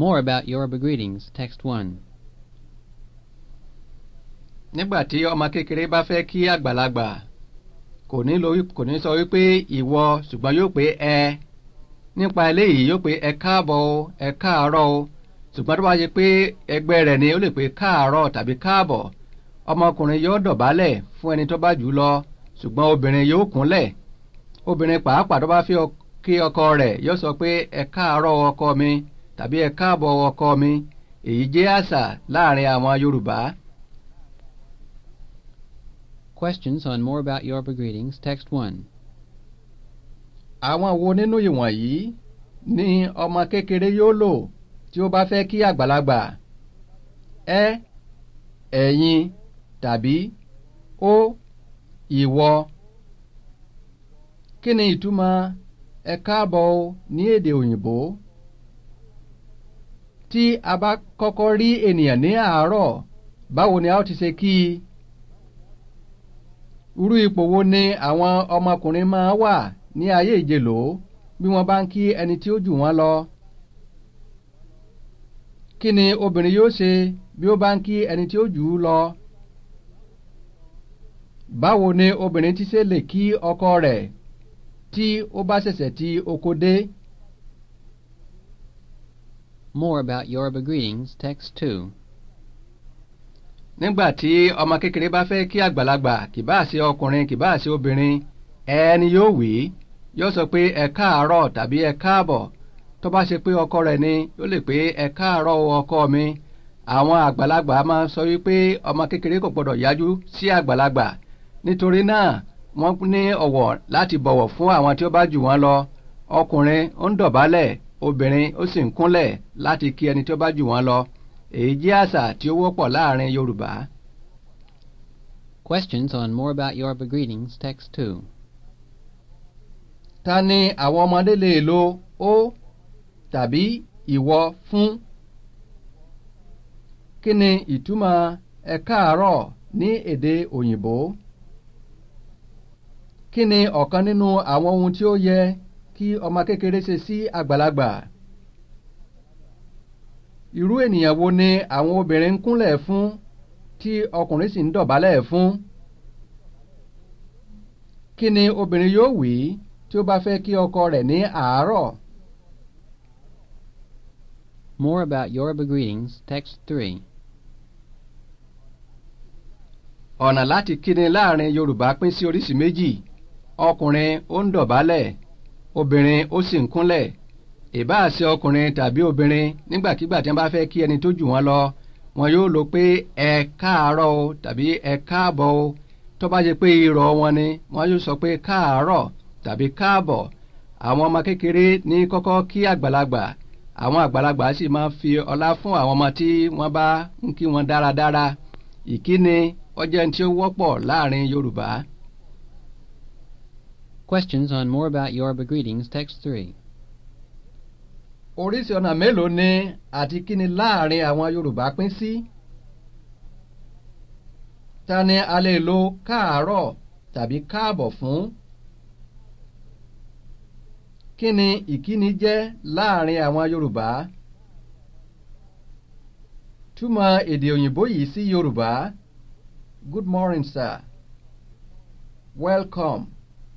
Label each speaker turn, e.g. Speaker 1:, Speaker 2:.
Speaker 1: More about Yoruba greetings, text 1. Nígbà tí ọmọ kékeré bá fẹ́ kí àgbàlagbà kò ní lo kò ní sọ wípé ìwọ ṣùgbọ́n yóò pé ẹ nípa eléyìí yóò pé ẹ káàbọ̀ o ẹ káàárọ̀ o ṣùgbọ́n tó bá ṣe pé ẹgbẹ́ rẹ̀ ni ó lè pé káàárọ̀ tàbí káàbọ̀ ọmọkùnrin yóò dọ̀bálẹ̀ fún ẹni tó bá jù lọ ṣùgbọ́n obìnrin yóò kúnlẹ̀ obìnrin pàápàá tó bá fẹ́ kí ọkọ rẹ̀ yóò sọ pé ẹ káàárọ̀ ọkọ mi tàbí ẹ káàbọ̀ ọkọ mi èyí jẹ́ àṣà láàrin àwọn Yorùbá. Questions on more about Yoruba greetings, text one. Àwọn wo nínú ìwọ̀nyí ni ọmọ kékeré yóò lò tí ó bá fẹ́ kí àgbàlagbà? Ẹ ẹ̀yin tàbí ó ìwọ. Kí ni ìtumọ̀ ẹ káàbọ̀ ní èdè òyìnbó? tí a bá kọ́kọ́ rí ènìyàn ní àárọ̀ báwo ni a ó ti ṣe kí i irú ipò wo ni àwọn ọmọkùnrin máa wà ní ayé ìjèlò bí wọ́n bá ń kí ẹni tí ó jù wọ́n lọ kí ni obìnrin yóò ṣe bí ó bá ń kí ẹni tí ó jù ú lọ báwo ni obìnrin ti ṣe lè kí ọkọ rẹ̀ tí ó bá ṣẹ̀ṣẹ̀ ti oko dé. More about Yoruba greetings, text 2. Nígbà tí ọmọ kékeré bá fẹ́ kí àgbàlagbà kì bá ṣe ọkùnrin kì bá ṣe obìnrin ẹni yóò wí yóò sọ pé ẹ káàárọ̀ tàbí ẹ káàbọ̀ tó bá ṣe pé ọkọ rẹ̀ ni yóò lè pé ẹ káàárọ̀ ọkọ mi àwọn àgbàlagbà máa sọ wípé ọmọ kékeré kò gbọdọ̀ yájú sí àgbàlagbà nítorí náà wọ́n ní ọ̀wọ̀ láti bọ̀wọ̀ fún àwọn tí ó bá jù wọ́n lọ ọkùnrin ń dọ̀bálẹ̀ obìnrin ó sì ń kúnlẹ̀ láti kí ẹni tí ó bá jù wọ́n lọ èyí jẹ́ àṣà tí ó wọ́pọ̀ láàrin Yorùbá. Questions on more about Yoruba greetings text two. Ta ni àwọn ọmọdé lè lo ó tàbí ìwọ fún? Kí ni ìtumọ̀ ẹ káàárọ̀ ní èdè òyìnbó? Kí ni ọ̀kan nínú àwọn ohun tí ó yẹ kí ọmọ kékeré ṣe sí àgbàlagbà irú ènìyàn wo ni àwọn obìnrin ń kúnlẹ̀ fún tí ọkùnrin sì ń dọ̀bálẹ̀ fún kí ni obìnrin yóò wí tí ó bá fẹ́ kí ọkọ rẹ̀ ní àárọ̀. More about Yoruba greetings, text three. ọ̀nà láti kíni láàrin Yorùbá pín sí oríṣìí méjì ọkùnrin ó ń dọ̀bálẹ̀ obìnrin ó sì ń kúnlẹ̀ ìbáà ṣe ọkùnrin tàbí obìnrin nígbàkigbà tí wọ́n bá fẹ́ kí ẹni tó jù wọ́n lọ wọn yóò lò pé ẹ káàárọ̀ o tàbí ẹ káàbọ̀ o tó bá jẹ́ pé irọ́ wọn ni wọ́n yóò sọ pé káàárọ̀ tàbí káàbọ̀ àwọn ọmọ kékeré ní kọ́kọ́ kí àgbàlagbà àwọn àgbàlagbà sì máa fi ọlá fún àwọn ọmọ tí wọ́n bá ń kí wọn dáradára ìkíni ó jẹ́ tí ó wọ́pọ̀ láàrin Yorùbá. Questions on more about Yoruba greetings, text 3. Oríṣi ọ̀nà mélòó ni àti kíni láàrin àwọn Yorùbá pín sí? Ta ni a lè lo káàárọ̀ tàbí káàbọ̀ fún? Kí ni ìkíni jẹ́ láàrin àwọn Yorùbá? Túmọ̀ èdè òyìnbó yìí sí Yorùbá. Good morning, sir. Welcome.